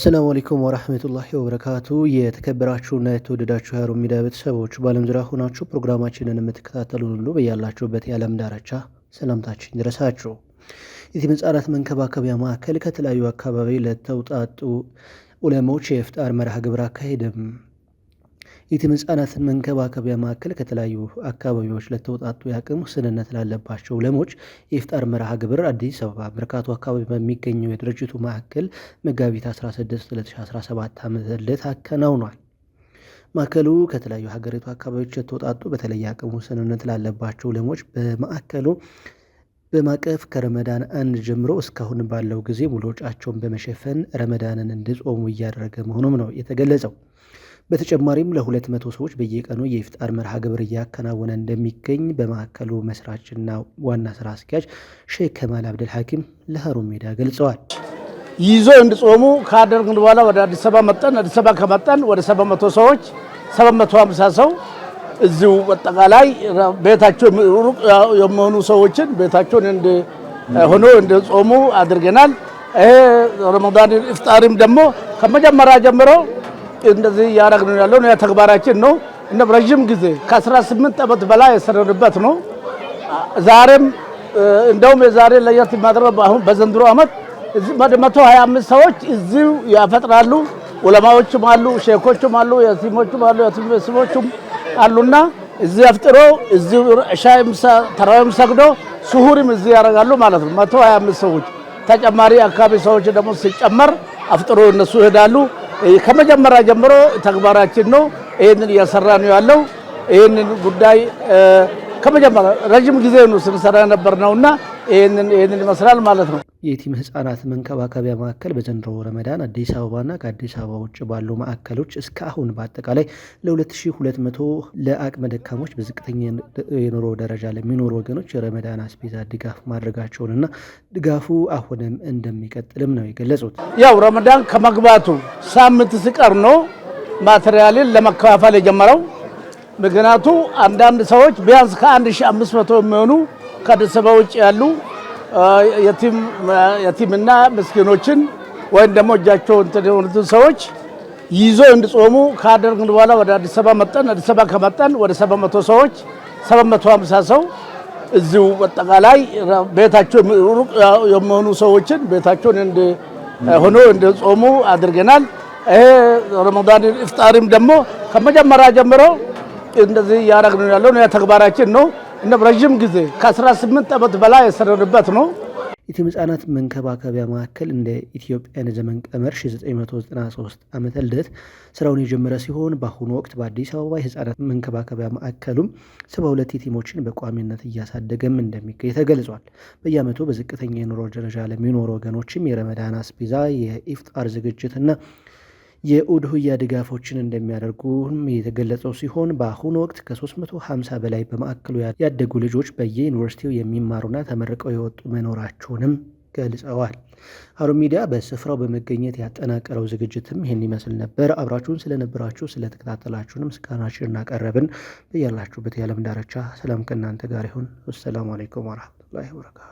አሰላሙ አለይኩም ወራህመቱላሂ ወበረካቱ። የተከበራችሁና የተወደዳችሁ የሀሩን ሚዲያ ቤተሰቦች በዓለም ዙሪያ ሆናችሁ ፕሮግራማችንን የምትከታተሉ ሁሉ በያላችሁበት የዓለም ዳርቻ ሰላምታችን ይድረሳችሁ። የቲም ህጻናት መንከባከቢያ ማዕከል ከተለያዩ አካባቢ ለተውጣጡ ዑለሞች የፍጣር መርሃ ግብር አካሄድም የቲም ህጻናትን መንከባከቢያ ማዕከል ከተለያዩ አካባቢዎች ለተውጣጡ የአቅም ውስንነት ላለባቸው ለሞች የፍጣር መርሃ ግብር አዲስ አበባ መርካቶ አካባቢ በሚገኘው የድርጅቱ ማዕከል መጋቢት 16 2017 ዓ.ም አከናውኗል። ማዕከሉ ከተለያዩ ሀገሪቱ አካባቢዎች ለተውጣጡ በተለየ አቅም ውስንነት ላለባቸው ለሞች በማዕከሉ በማቀፍ ከረመዳን አንድ ጀምሮ እስካሁን ባለው ጊዜ ሙሉ ወጪያቸውን በመሸፈን ረመዳንን እንዲጾሙ እያደረገ መሆኑም ነው የተገለጸው። በተጨማሪም ለሁለት መቶ ሰዎች በየቀኑ የኢፍጣር መርሃ ግብር እያከናወነ እንደሚገኝ በማዕከሉ መስራችና ዋና ስራ አስኪያጅ ሼክ ከማል አብደል ሐኪም ለሀሩን ሜዳ ገልጸዋል። ይዞ እንድጾሙ ካደረግን በኋላ ወደ አዲስ አበባ መጠን አዲስ አበባ ከመጠን ወደ 700 ሰዎች 750 ሰው እዚሁ አጠቃላይ ቤታቸው ሩቅ የመሆኑ ሰዎችን ቤታቸውን እንድ ሆኖ እንደ ጾሙ አድርገናል። ይሄ ረመዳን ኢፍጣሪም ደግሞ ከመጀመሪያ ጀምሮ እንደዚህ እያደረግን ያለው ተግባራችን ነው። እንደ ረዥም ጊዜ ከ18 ዓመት በላይ የሰረንበት ነው። ዛሬም እንደውም የዛሬ ለየት የሚያደርገው አሁን በዘንድሮ ዓመት 125 ሰዎች እዚሁ ያፈጥራሉ። ዑለማዎችም አሉ፣ ሼኮችም አሉ፣ የቲሞችም አሉ፣ የቲሞችም አሉና እዚህ አፍጥሮ እዚሁ ሻይም ተራዊም ሰግዶ ስሁርም እዚህ ያደርጋሉ ማለት ነው። 125 ሰዎች ተጨማሪ አካባቢ ሰዎች ደግሞ ሲጨመር አፍጥሮ እነሱ ይሄዳሉ። ከመጀመሪያ ጀምሮ ተግባራችን ነው። ይህንን እያሰራ ነው ያለው። ይህንን ጉዳይ ከመጀመሪያ ረዥም ጊዜ ነው ስንሰራ የነበር ነው እና ይህንን ይመስላል ማለት ነው። የቲም ህጻናት መንከባከቢያ ማዕከል በዘንድሮ ረመዳን አዲስ አበባና ከአዲስ አበባ ውጭ ባሉ ማዕከሎች እስከ አሁን በአጠቃላይ ለ2200 ለአቅመ ደካሞች በዝቅተኛ የኑሮ ደረጃ ለሚኖሩ ወገኖች የረመዳን አስቤዛ ድጋፍ ማድረጋቸውንና ድጋፉ አሁንም እንደሚቀጥልም ነው የገለጹት። ያው ረመዳን ከመግባቱ ሳምንት ሲቀር ነው ማቴሪያልን ለመከፋፈል የጀመረው ምክንያቱ አንዳንድ ሰዎች ቢያንስ ከ1500 የሚሆኑ ከአዲስ አበባ ውጭ ያሉ የቲምና ምስኪኖችን ወይም ደግሞ እጃቸው እንትን የሆኑትን ሰዎች ይዞ እንድጾሙ ካደረግን በኋላ ወደ አዲስ አበባ መጠን አዲስ አበባ ከመጠን ወደ 700 ሰዎች 750 ሰው እዚሁ በጠቃላይ ቤታቸው የሚሆኑ ሰዎችን ቤታቸውን ሆኖ እንድጾሙ አድርገናል። ይሄ ረመዳን ኢፍጣሪም ደግሞ ከመጀመሪያ ጀምረው እንደዚህ እያደረግን ነው ተግባራችን ነው። እንደ ረዥም ጊዜ ከ18 ዓመት በላይ የሰረንበት ነው። የቲም ህጻናት መንከባከቢያ ማዕከል እንደ ኢትዮጵያን ዘመን ቀመር 1993 ዓመተ ልደት ስራውን የጀመረ ሲሆን በአሁኑ ወቅት በአዲስ አበባ የህጻናት መንከባከቢያ ማዕከሉም 72 የቲሞችን በቋሚነት እያሳደገም እንደሚገኝ ተገልጿል። በየዓመቱ በዝቅተኛ የኑሮ ደረጃ ለሚኖሩ ወገኖችም የረመዳን አስቤዛ የኢፍጣር ዝግጅትና የኡድሁያ ድጋፎችን እንደሚያደርጉም የተገለጸው ሲሆን በአሁኑ ወቅት ከ350 በላይ በማዕከሉ ያደጉ ልጆች በየዩኒቨርሲቲው የሚማሩና ተመርቀው የወጡ መኖራቸውንም ገልጸዋል። ሀሩን ሚዲያ በስፍራው በመገኘት ያጠናቀረው ዝግጅትም ይህን ይመስል ነበር። አብራችሁን ስለነበራችሁ ስለተከታተላችሁንም ምስጋናችን እናቀረብን። በያላችሁበት የዓለም ዳርቻ ሰላም ከእናንተ ጋር ይሁን። ወሰላሙ አሌይኩም ወረሕመቱላሂ ወበረካቱ